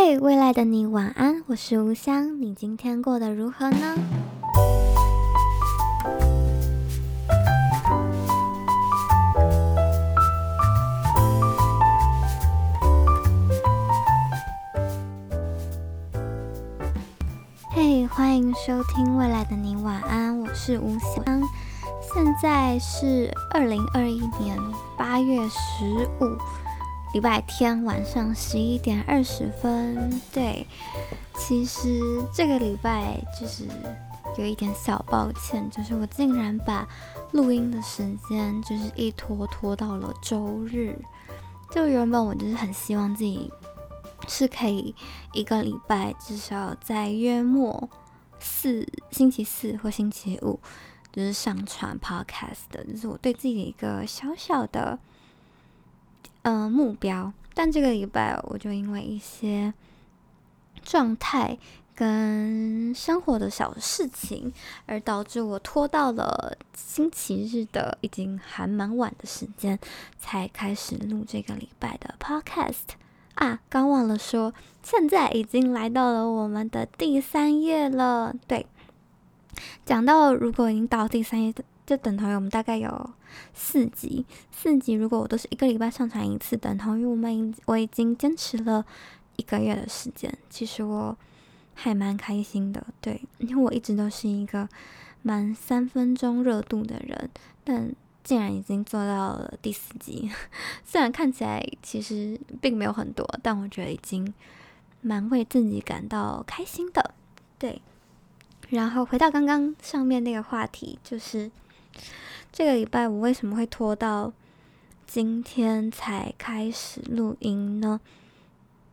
嘿、hey，未來的你晚安，我是吳香，你今天過得如何呢？嘿，hey, 歡迎收聽《未來的你晚安》，我是吳香，現在是二零二一年八月十五日。禮拜天晚上十一點二十分，對。其實這個禮拜就是有一點小抱歉，就是我竟然把錄音的時間就是一拖拖到了周日。就原本我就是很希望自己是可以一個禮拜至少在約莫四星期四或星期五就是上傳 podcast 的，就是我對自己一個小小的。嗯、呃，目標。但這個禮拜我就因為一些狀態跟生活的小事情，而導致我拖到了星期日的已經還蠻晚的時間，才開始錄這個禮拜的 podcast 啊。剛忘了說，現在已經來到了我們的第三夜了。對，講到如果已經到第三夜的。就等同於我們大概有四集，四集如果我都是一個禮拜上傳一次，等同於我們我已經堅持了一個月的時間。其實我還蠻開心的，對，因為我一直都是一個蠻三分鐘熱度的人，但竟然已經做到了第四集，雖然看起來其實並沒有很多，但我覺得已經蠻為自己感到開心的，對。然後回到剛剛上面那個話題，就是。這個禮拜我為什麼會拖到今天才開始錄音呢？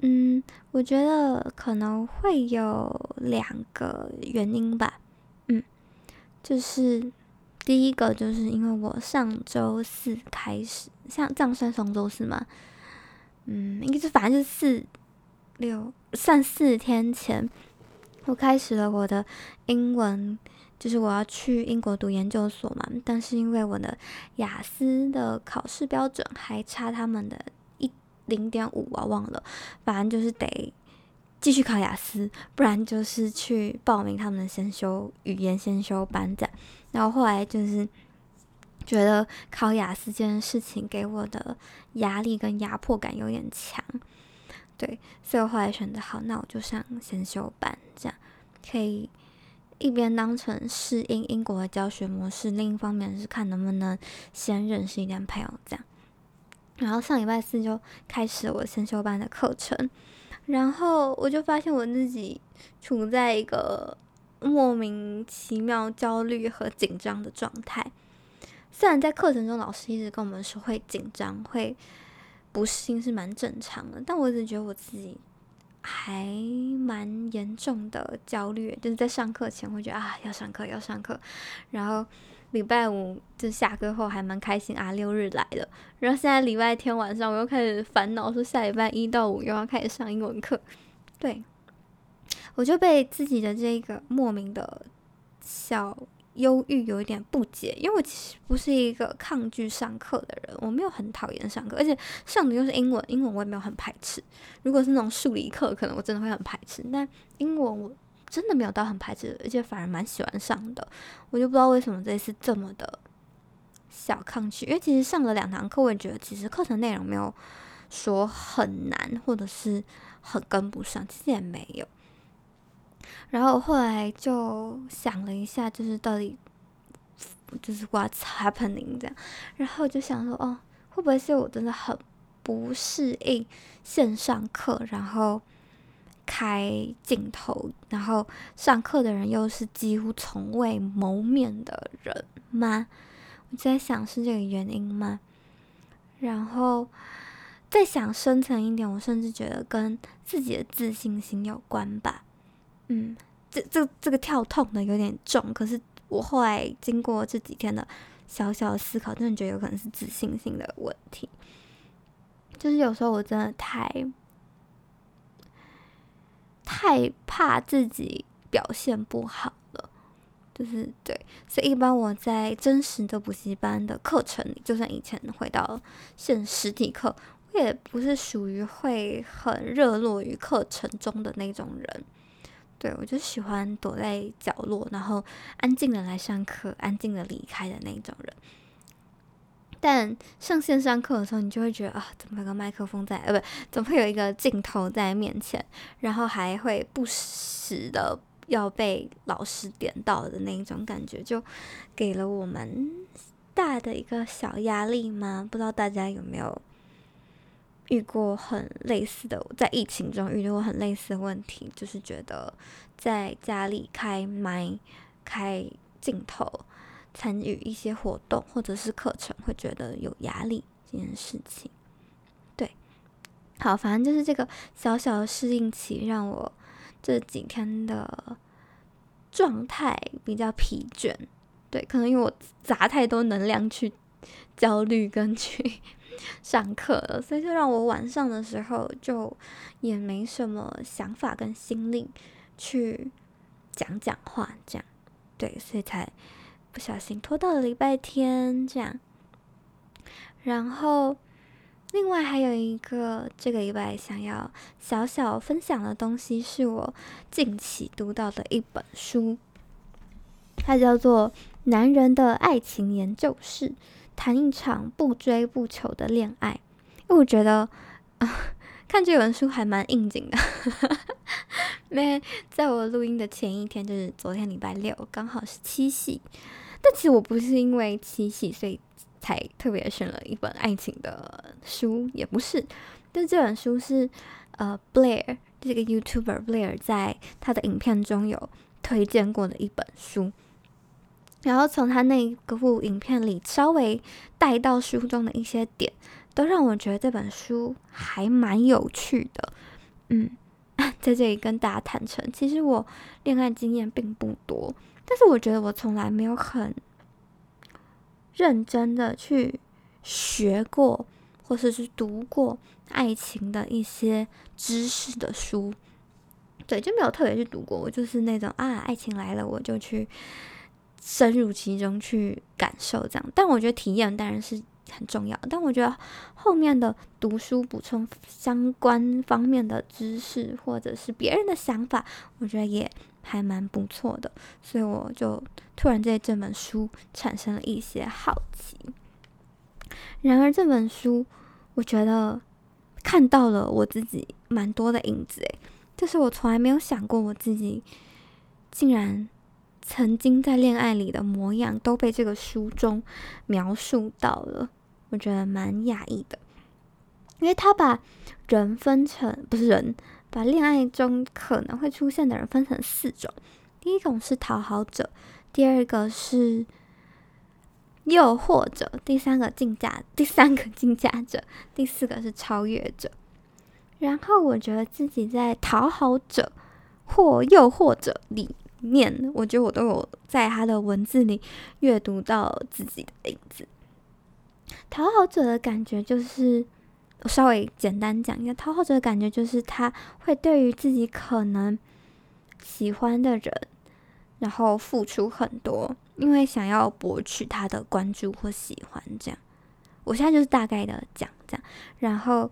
嗯，我覺得可能會有兩個原因吧。嗯，就是第一個就是因為我上周四開始，像這樣算上周四嗎？嗯，應該是，反正就四六算四天前，我開始了我的英文。就是我要去英國讀研究所嘛，但是因為我的雅思的考試標準還差他們的一零點五啊，我忘了，反正就是得繼續考雅思，不然就是去報名他們的先修語言先修班這樣。然後後來就是覺得考雅思這件事情給我的壓力跟壓迫感有點強，對，所以我後來選擇好，那我就上先修班這樣可以。一邊當成適應英國的教學模式，另一方面是看能不能先認識一點朋友，這樣。然後上禮拜四就開始我先修班的課程，然後我就發現我自己處在一個莫名其妙焦慮和緊張的狀態。雖然在課程中老師一直跟我們說會緊張、會不適應是蠻正常的，但我一直覺得我自己。還蠻嚴重的焦慮，就是在上課前會覺得啊，要上課要上課。然後禮拜五就下課後還蠻開心啊，六日來了，然後現在禮拜天晚上我又開始煩惱說下禮拜一到五又要開始上英文課，對，我就被自己的這個莫名的笑，憂鬱，有一點不解，因為我其實不是一個抗拒上課的人，我沒有很討厭上課，而且上的又是英文，英文我也沒有很排斥。如果是那種數理課，可能我真的會很排斥，但英文我真的沒有到很排斥，而且反而蠻喜歡上的。我就不知道為什麼這一次這麼的小抗拒，因為其實上了兩堂課，我也覺得其實課程內容沒有說很難，或者是很跟不上，其實也沒有。然後我後來就想了一下，就是到底，就是 what's happening 這樣。然後我就想說，哦，會不會是我真的很不適應線上課，然後開鏡頭，然後上課的人又是幾乎從未謀面的人嗎？我在想是這個原因嗎？然後再想深層一點，我甚至覺得跟自己的自信心有關吧。嗯，這這個、這個跳痛的有點重，可是我後來經過這幾天的小小的思考，真的覺得有可能是自信心的問題。就是有時候我真的太太怕自己表現不好了，就是對，所以一般我在真實的補習班的課程裡，就算以前回到了現實體課，我也不是屬於會很熱絡於課程中的那種人。對，我就喜歡躲在角落，然後安靜的來上課，安靜的離開的那種人。但上線上課的時候，你就會覺得啊，怎麼有個麥克風在？呃，不，怎麼會有一個鏡頭在面前？然後還會不時的要被老師點到的那種感覺，就給了我們大的一個小壓力嗎？不知道大家有沒有？遇過很類似的，在疫情中遇到過很類似的問題，就是覺得在家裡開麥、開鏡頭、參與一些活動或者是課程，會覺得有壓力，這件事情。對，好，反正就是這個小小的適應期，讓我這幾天的狀態比較疲倦。對，可能因為我砸太多能量去焦慮跟去。上課了，所以就讓我晚上的時候就也沒什麼想法跟心力去講講話，這樣對，所以才不小心拖到了禮拜天這樣。然後，另外還有一個這個禮拜想要小小分享的東西，是我近期讀到的一本書，它叫做《男人的愛情研究室》。談一場不追不求的戀愛，因為我覺得、呃、看這本書還蠻應景的。沒， 在我錄音的前一天，就是昨天禮拜六，剛好是七夕。但其實我不是因為七夕，所以才特別選了一本愛情的書，也不是。但這本書是呃，Blair 這個 YouTuber Blair 在他的影片中有推薦過的一本書。然後從他那部影片裡稍微帶到書中的一些點，都讓我覺得這本書還蠻有趣的。嗯，在這裡跟大家坦誠，其實我戀愛經驗並不多，但是我覺得我從來沒有很認真的去學過，或是去讀過愛情的一些知識的書。對，就沒有特別去讀過。我就是那種啊，愛情來了我就去。深入其中去感受，這樣。但我覺得體驗當然是很重要。但我覺得後面的讀書補充相關方面的知識，或者是別人的想法，我覺得也還蠻不錯的。所以我就突然對這本書產生了一些好奇。然而這本書，我覺得看到了我自己蠻多的影子，哎，就是我從來沒有想過我自己竟然，曾經在戀愛裡的模樣都被這個書中描述到了，我覺得蠻訝異的，因為他把人分成不是人，把戀愛中可能會出現的人分成四種，第一種是討好者，第二個是誘惑者，第三個競價，第三個競價者，第四個是超越者。然後我覺得自己在討好者或誘惑者裡。念，我覺得我都有在他的文字裡閱讀到自己的影子。討好者的感覺就是，我稍微簡單講一下，討好者的感覺就是他會對於自己可能喜歡的人，然後付出很多，因為想要博取他的關注或喜歡。這樣，我現在就是大概的講這樣，然後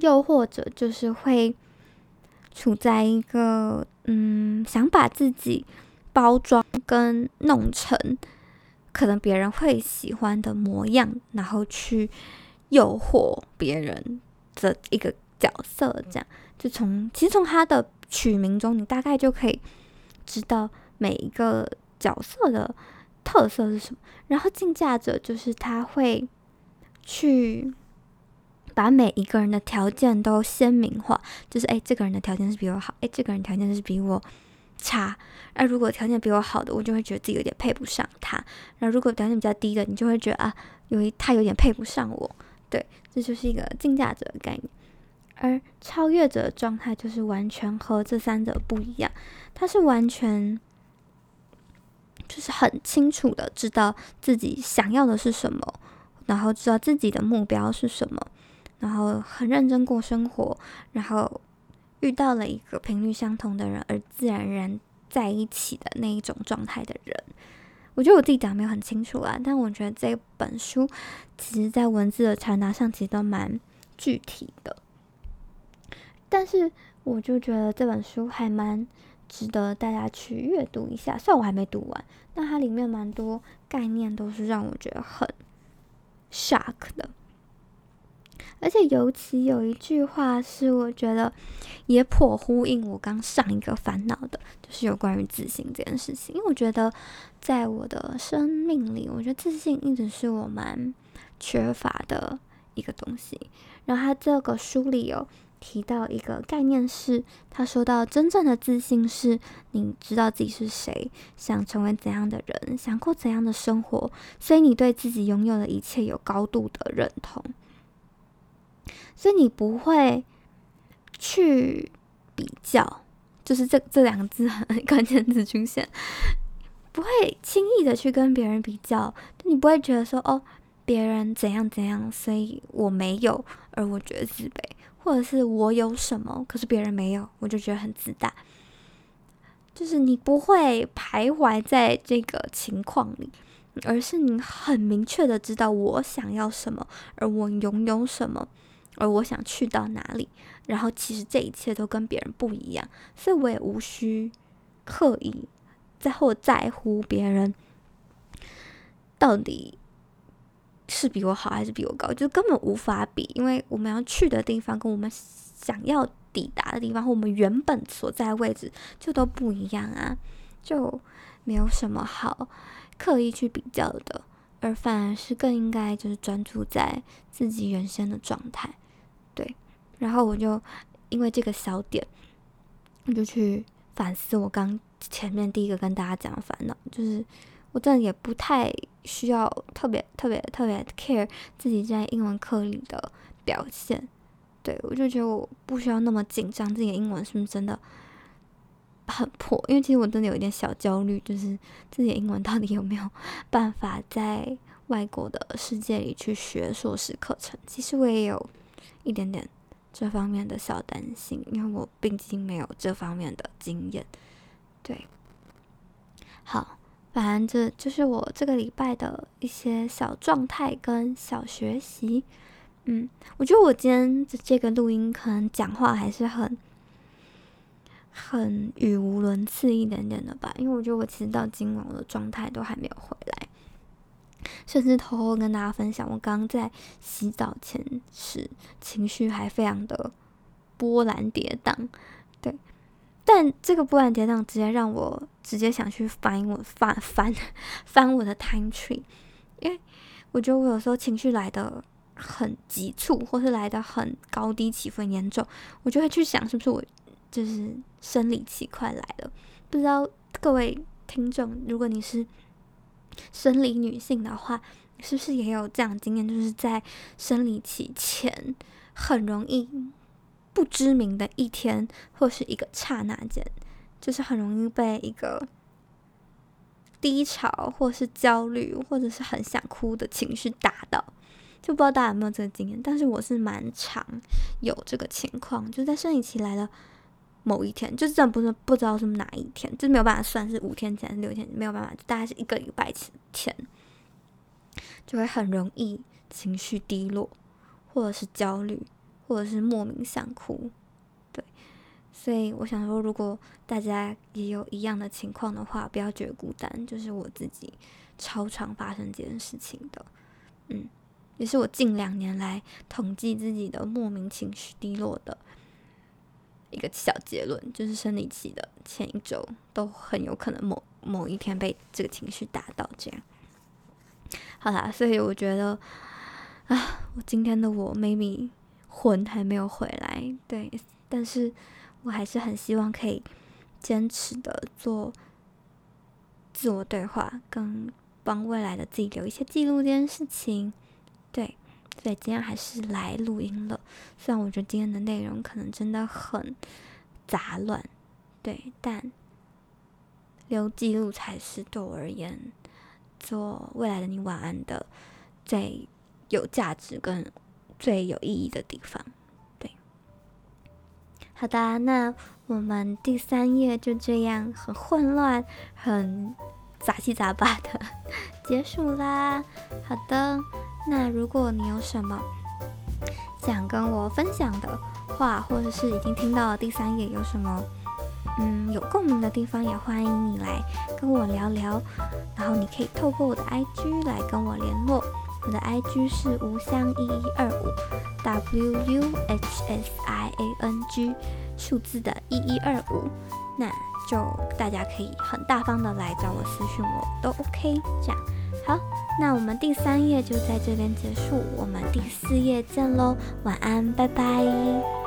又或者就是會處在一個嗯。想把自己包裝跟弄成可能別人會喜歡的模樣，然後去誘惑別人的一個角色，這樣。就從其實從他的取名中，你大概就可以知道每一個角色的特色是什麼。然後競價者就是他會去把每一個人的條件都鮮明化，就是哎、欸，這個人的條件是比我好，哎、欸，這個人條件是比我。差。那如果條件比我好的，我就會覺得自己有點配不上他；那如果條件比較低的，你就會覺得啊，因他有點配不上我。對，這就是一個競價者的概念。而超越者的狀態就是完全和這三者不一樣，他是完全就是很清楚的知道自己想要的是什麼，然後知道自己的目標是什麼，然後很認真過生活，然後。遇到了一個頻率相同的人，而自然而然在一起的那一種狀態的人，我覺得我自己講的沒有很清楚啦、啊，但我覺得這本書其實在文字的傳達上其實都蠻具體的，但是我就覺得這本書還蠻值得大家去閱讀一下。雖然我還沒讀完，但它裡面蠻多概念都是讓我覺得很 shock 的。而且尤其有一句話是，我覺得也頗呼應我剛上一個煩惱的，就是有關於自信這件事情。因為我覺得，在我的生命裡，我覺得自信一直是我蠻缺乏的一個東西。然後他這個書裡有提到一個概念，是他說到真正的自信是你知道自己是誰，想成為怎樣的人，想過怎樣的生活，所以你對自己擁有的一切有高度的認同。所以你不會去比較，就是這這兩個字很關鍵詞出現，不會輕易的去跟別人比較。你不會覺得說哦，別人怎樣怎樣，所以我沒有，而我覺得自卑，或者是我有什麼，可是別人沒有，我就覺得很自大。就是你不會徘徊在這個情況裡，而是你很明確的知道我想要什麼，而我擁有什麼。而我想去到哪裡，然後其實這一切都跟別人不一樣，所以我也無需刻意在或在乎別人到底是比我好還是比我高，就根本無法比，因為我們要去的地方跟我們想要抵達的地方，和我們原本所在的位置就都不一樣啊，就沒有什麼好刻意去比較的，而反而是更應該就是專注在自己原生的狀態。對，然後我就因為這個小點，我就去反思我剛前面第一個跟大家講的煩惱，就是我真的也不太需要特別特別特別 care 自己在英文課裡的表現。對，我就覺得我不需要那麼緊張，自己的英文是不是真的很破，因為其實我真的有一點小焦慮，就是自己的英文到底有沒有辦法在外國的世界裡去學碩士課程。其實我也有。一點點這方面的小擔心，因為我畢竟沒有這方面的經驗。對，好，反正這就是我這個禮拜的一些小狀態跟小學習。嗯，我覺得我今天的這，這個錄音可能講話還是很很語無倫次，一點點的吧。因為我覺得我其實到今晚我的狀態都還沒有回來。甚至偷偷跟大家分享，我剛剛在洗澡前時，情緒還非常的波瀾跌宕，對。但這個波瀾跌宕直接讓我直接想去翻我翻翻翻我的 Time Tree，因為我覺得我有時候情緒來得很急促，或是來得很高低起伏很嚴重，我就會去想是不是我就是生理期快來了。不知道各位聽眾，如果你是。生理女性的話，是不是也有這樣經驗？就是在生理期前，很容易不知名的一天或是一個剎那間，就是很容易被一個低潮，或是焦慮，或者是很想哭的情緒打到。就不知道大家有沒有這個經驗，但是我是蠻常有這個情況，就在生理期來了，某一天，就是真的不是，不知道是哪一天，就是沒有辦法算，是五天前還是六天，沒有辦法，大概是一個禮拜前，就會很容易情緒低落，或者是焦慮，或者是莫名想哭，對。所以我想說，如果大家也有一樣的情況的話，不要覺得孤單，就是我自己超常發生這件事情的，嗯，也是我近兩年來統計自己的莫名情緒低落的。一個小結論就是，生理期的前一週都很有可能某某一天被這個情緒打到這樣。好啦，所以我覺得啊，我今天的我 maybe 魂還沒有回來，對，但是我還是很希望可以堅持的做自我對話，跟幫未來的自己留一些記錄這件事情，對。對，今天還是來錄音了。雖然我覺得今天的內容可能真的很雜亂，對，但留記錄才是對我而言做未來的你晚安的最有價值跟最有意義的地方。對，好的，那我們第三夜就這樣很混亂、很雜七雜八的結束啦。好的。那如果你有什麼想跟我分享的話，或者是已經聽到了第三夜有什麼嗯有共鳴的地方，也歡迎你來跟我聊聊。然後你可以透過我的 IG 來跟我聯絡，我的 IG 是吳香一一二五 W U H S I A N G 數字的一一二五，那就大家可以很大方的來找我私訊，我都 OK 這樣。好，那我們第三夜就在這邊結束，我們第四夜見嘍，晚安，拜拜。